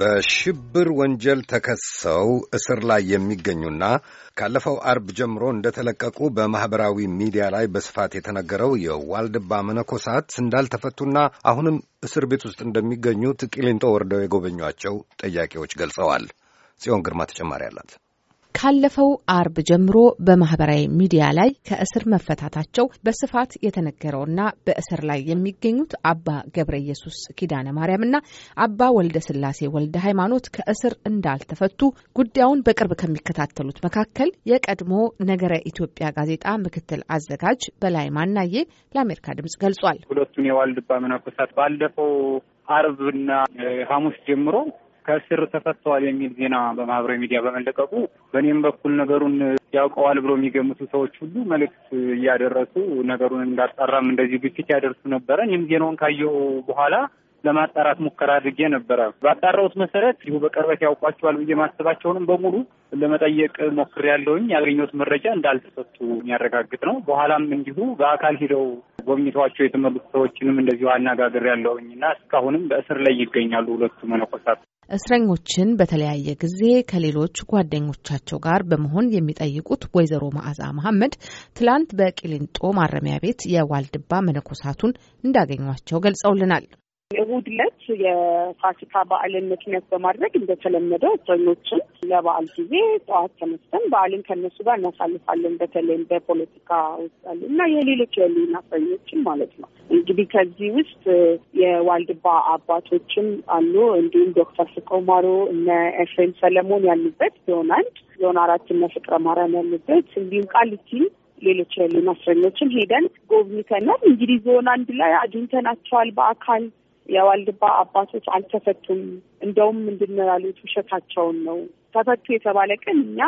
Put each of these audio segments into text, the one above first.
በሽብር ወንጀል ተከሰው እስር ላይ የሚገኙና ካለፈው አርብ ጀምሮ እንደተለቀቁ በማኅበራዊ ሚዲያ ላይ በስፋት የተነገረው የዋልድባ መነኮሳት እንዳልተፈቱና አሁንም እስር ቤት ውስጥ እንደሚገኙ ትቂሊንጦ ወርደው የጎበኟቸው ጠያቂዎች ገልጸዋል። ጽዮን ግርማ ተጨማሪ አላት። ካለፈው አርብ ጀምሮ በማህበራዊ ሚዲያ ላይ ከእስር መፈታታቸው በስፋት የተነገረውና በእስር ላይ የሚገኙት አባ ገብረ ኢየሱስ ኪዳነ ማርያምና አባ ወልደ ስላሴ ወልደ ሃይማኖት ከእስር እንዳልተፈቱ ጉዳዩን በቅርብ ከሚከታተሉት መካከል የቀድሞ ነገረ ኢትዮጵያ ጋዜጣ ምክትል አዘጋጅ በላይ ማናዬ ለአሜሪካ ድምጽ ገልጿል። ሁለቱን የዋልድባ መነኮሳት ባለፈው አርብና ሐሙስ ጀምሮ ከስር ተፈተዋል የሚል ዜና በማህበራዊ ሚዲያ በመለቀቁ በእኔም በኩል ነገሩን ያውቀዋል ብሎ የሚገምቱ ሰዎች ሁሉ መልእክት እያደረሱ ነገሩን እንዳጣራም እንደዚህ ግፊት ያደርሱ ነበረ። እኔም ዜናውን ካየው በኋላ ለማጣራት ሙከራ አድርጌ ነበረ። ባጣራሁት መሰረት ይሁ በቅርበት ያውቋቸዋል ብዬ ማስባቸውንም በሙሉ ለመጠየቅ ያለውኝ ያገኘሁት መረጃ እንዳልተሰጡ የሚያረጋግጥ ነው። በኋላም እንዲሁ በአካል ሂደው ጎብኝተዋቸው የተመሉት ሰዎችንም እንደዚሁ ያለውኝ እና እስካሁንም በእስር ላይ ይገኛሉ ሁለቱ መነኮሳት። እስረኞችን በተለያየ ጊዜ ከሌሎች ጓደኞቻቸው ጋር በመሆን የሚጠይቁት ወይዘሮ መዓዛ መሐመድ ትላንት በቂሊንጦ ማረሚያ ቤት የዋልድባ መነኮሳቱን እንዳገኟቸው ገልጸውልናል። እሁድ ዕለት የፋሲካ በዓልን ምክንያት በማድረግ እንደተለመደው እጮኞችን ለበዓል ጊዜ ጠዋት ተነስተን በዓልን ከነሱ ጋር እናሳልፋለን። በተለይም በፖለቲካ ውስጥ ያሉ እና የሌሎች የህሊና እስረኞችን ማለት ነው። እንግዲህ ከዚህ ውስጥ የዋልድባ አባቶችም አሉ። እንዲሁም ዶክተር ፍቅሩ ማሮ እነ ኤፍሬም ሰለሞን ያሉበት ዞን አንድ፣ ዞን አራት እነ ፍቅረ ማርያም ያሉበት እንዲሁም ቃሊቲ ሌሎች የህሊና እስረኞችን ሄደን ጎብኝተናል። እንግዲህ ዞን አንድ ላይ አግኝተናቸዋል በአካል የዋልድባ አባቶች አልተፈቱም፣ እንደውም ምንድን ነው ያሉት ውሸታቸውን ነው ተፈቱ የተባለ ቀን እኛ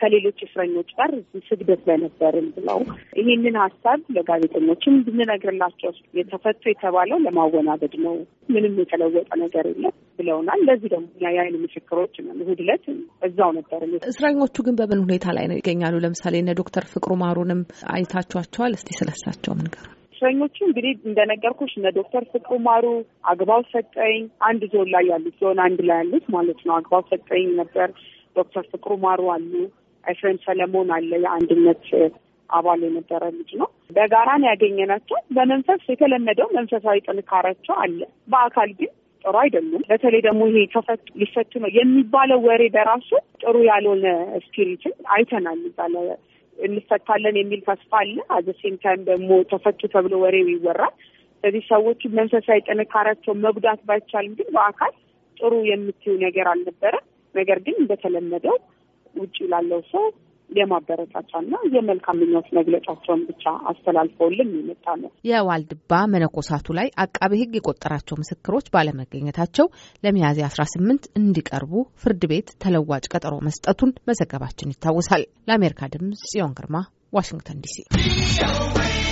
ከሌሎች እስረኞች ጋር ስግደት ላይ ነበርን ብለው ይህንን ሀሳብ ለጋዜጠኞችም ብንነግርላቸው የተፈቱ የተባለው ለማወናበድ ነው፣ ምንም የተለወጠ ነገር የለም ብለውናል። ለዚህ ደግሞ የአይን ምስክሮች ነን። እሑድ ዕለት እዛው ነበር። እስረኞቹ ግን በምን ሁኔታ ላይ ነው ይገኛሉ? ለምሳሌ እነ ዶክተር ፍቅሩ ማሩንም አይታችኋቸዋል? እስቲ ስለሳቸው ምንገር እስረኞቹ እንግዲህ እንደነገርኩሽ እነ ዶክተር ፍቅሩ ማሩ፣ አግባው ሰጠኝ አንድ ዞን ላይ ያሉት ዞን አንድ ላይ ያሉት ማለት ነው። አግባው ሰጠኝ ነበር፣ ዶክተር ፍቅሩ ማሩ አሉ፣ ኤፍሬም ሰለሞን አለ፣ የአንድነት አባል የነበረ ልጅ ነው። በጋራ ነው ያገኘናቸው። በመንፈስ የተለመደው መንፈሳዊ ጥንካሬያቸው አለ፣ በአካል ግን ጥሩ አይደሉም። በተለይ ደግሞ ይሄ ተፈቱ ሊፈቱ ነው የሚባለው ወሬ በራሱ ጥሩ ያልሆነ ስፒሪትን አይተናል ይባላል እንፈታለን የሚል ተስፋ አለ። ሴም ታይም ደግሞ ተፈቱ ተብሎ ወሬው ይወራል። ስለዚህ ሰዎቹ መንፈሳዊ ጥንካሬያቸው መጉዳት ባይቻልም ግን በአካል ጥሩ የምትዩ ነገር አልነበረ። ነገር ግን እንደተለመደው ውጭ ላለው ሰው የማበረታቻና የመልካም ምኞት መግለጫቸውን ብቻ አስተላልፈውልን የመጣ ነው። የዋልድባ መነኮሳቱ ላይ አቃቤ ሕግ የቆጠራቸው ምስክሮች ባለመገኘታቸው ለሚያዝያ አስራ ስምንት እንዲቀርቡ ፍርድ ቤት ተለዋጭ ቀጠሮ መስጠቱን መዘገባችን ይታወሳል። ለአሜሪካ ድምጽ ጽዮን ግርማ ዋሽንግተን ዲሲ